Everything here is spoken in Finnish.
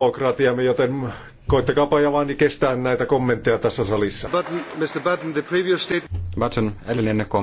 demokratiamme, joten koittakaapa niin kestää näitä kommentteja tässä salissa. Button, Mr. Button, the previous state... Button,